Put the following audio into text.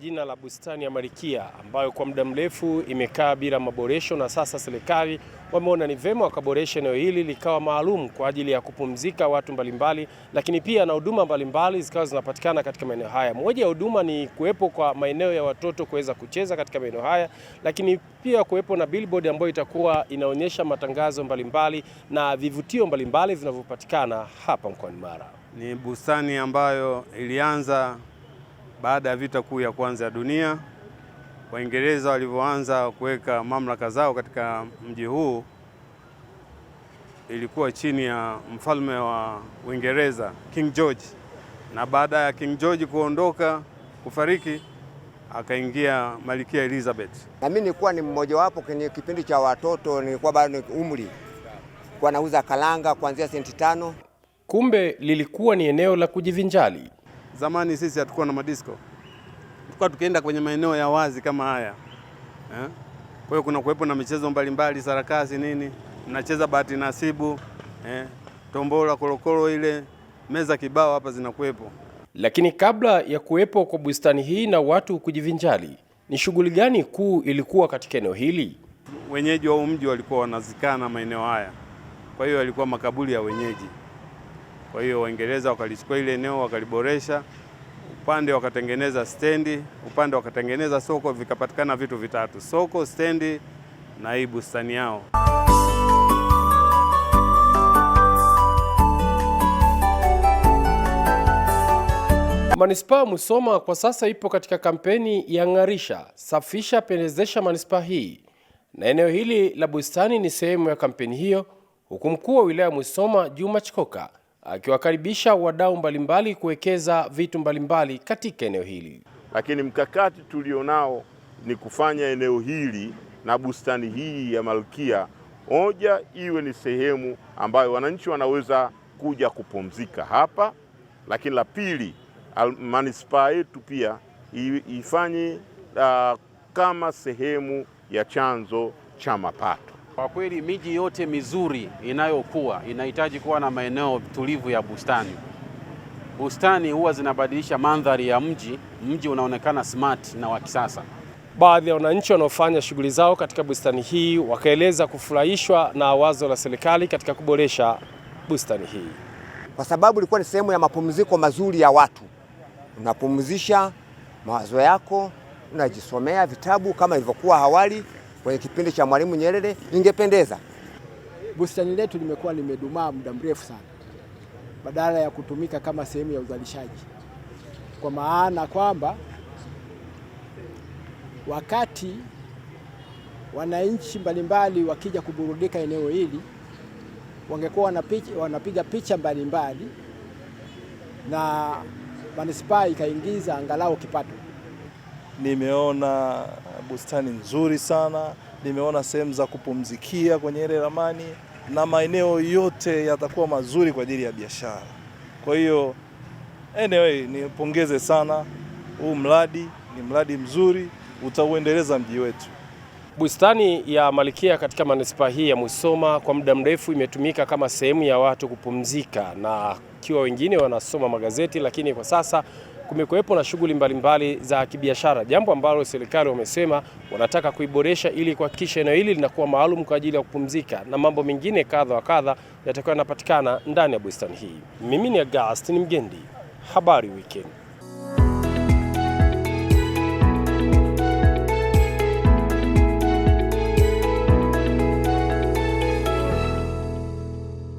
jina la bustani ya Marikia ambayo kwa muda mrefu imekaa bila maboresho, na sasa serikali wameona ni vema wakaboresha eneo hili likawa maalum kwa ajili ya kupumzika watu mbalimbali, lakini pia na huduma mbalimbali zikawa zinapatikana katika maeneo haya. Moja ya huduma ni kuwepo kwa maeneo ya watoto kuweza kucheza katika maeneo haya, lakini pia kuwepo na billboard ambayo itakuwa inaonyesha matangazo mbalimbali na vivutio mbalimbali vinavyopatikana hapa mkoani Mara. Ni bustani ambayo ilianza baada ya vita kuu ya kwanza ya dunia. Waingereza walivyoanza kuweka mamlaka zao katika mji huu, ilikuwa chini ya mfalme wa Uingereza King George, na baada ya King George kuondoka kufariki, akaingia Malkia Elizabeth. Na mimi nilikuwa ni mmojawapo kwenye kipindi cha watoto, nilikuwa bado ni umri kwa nauza kalanga kuanzia senti tano. Kumbe lilikuwa ni eneo la kujivinjali Zamani sisi hatukuwa na madisko, tulikuwa tukienda kwenye maeneo ya wazi kama haya eh? Kwa hiyo kuna kuwepo na michezo mbalimbali, sarakasi nini, mnacheza bahati nasibu eh? Tombola, korokoro, ile meza kibao hapa zinakuwepo. Lakini kabla ya kuwepo kwa bustani hii na watu kujivinjali, ni shughuli gani kuu ilikuwa katika eneo hili? Wenyeji wa mji walikuwa wanazikana maeneo haya, kwa hiyo yalikuwa makaburi ya wenyeji. Kwa hiyo Waingereza wakalichukua ile eneo wakaliboresha, upande wakatengeneza stendi, upande wakatengeneza soko, vikapatikana vitu vitatu: soko, stendi na hii bustani yao. Manispaa Musoma kwa sasa ipo katika kampeni ya ng'arisha, safisha, pendezesha manispaa hii, na eneo hili la bustani ni sehemu ya kampeni hiyo, huku mkuu wa wilaya Musoma Juma Chikoka akiwakaribisha wadau mbalimbali kuwekeza vitu mbalimbali katika eneo hili. Lakini mkakati tulionao ni kufanya eneo hili na bustani hii ya Malkia moja iwe ni sehemu ambayo wananchi wanaweza kuja kupumzika hapa, lakini la pili, manispaa yetu pia ifanye uh, kama sehemu ya chanzo cha mapato. Kwa kweli miji yote mizuri inayokuwa inahitaji kuwa na maeneo tulivu ya bustani. Bustani huwa zinabadilisha mandhari ya mji, mji unaonekana smart na wa kisasa. Baadhi ya wananchi wanaofanya shughuli zao katika bustani hii wakaeleza kufurahishwa na wazo la serikali katika kuboresha bustani hii, kwa sababu ilikuwa ni sehemu ya mapumziko mazuri ya watu. Unapumzisha mawazo yako, unajisomea vitabu kama ilivyokuwa awali kwenye kipindi cha Mwalimu Nyerere ingependeza. Bustani letu limekuwa limedumaa muda mrefu sana, badala ya kutumika kama sehemu ya uzalishaji, kwa maana kwamba wakati wananchi mbalimbali wakija kuburudika eneo hili wangekuwa wanapiga picha mbalimbali na manispaa ikaingiza angalau kipato. Nimeona bustani nzuri sana, nimeona sehemu za kupumzikia kwenye ile ramani na maeneo yote yatakuwa mazuri kwa ajili ya biashara. Kwa hiyo anyway, nipongeze sana huu mradi, ni mradi mzuri utauendeleza mji wetu. Bustani ya Malkia katika manispaa hii ya Musoma kwa muda mrefu imetumika kama sehemu ya watu kupumzika na kiwa wengine wanasoma magazeti, lakini kwa sasa kumekuwepo na shughuli mbalimbali za kibiashara, jambo ambalo serikali wamesema wanataka kuiboresha ili kuhakikisha eneo hili linakuwa maalum kwa ajili ya kupumzika na mambo mengine kadha wa kadha yatakuwa yanapatikana ndani ya bustani hii. Mimi ni Agustin Mgendi, habari Weekend.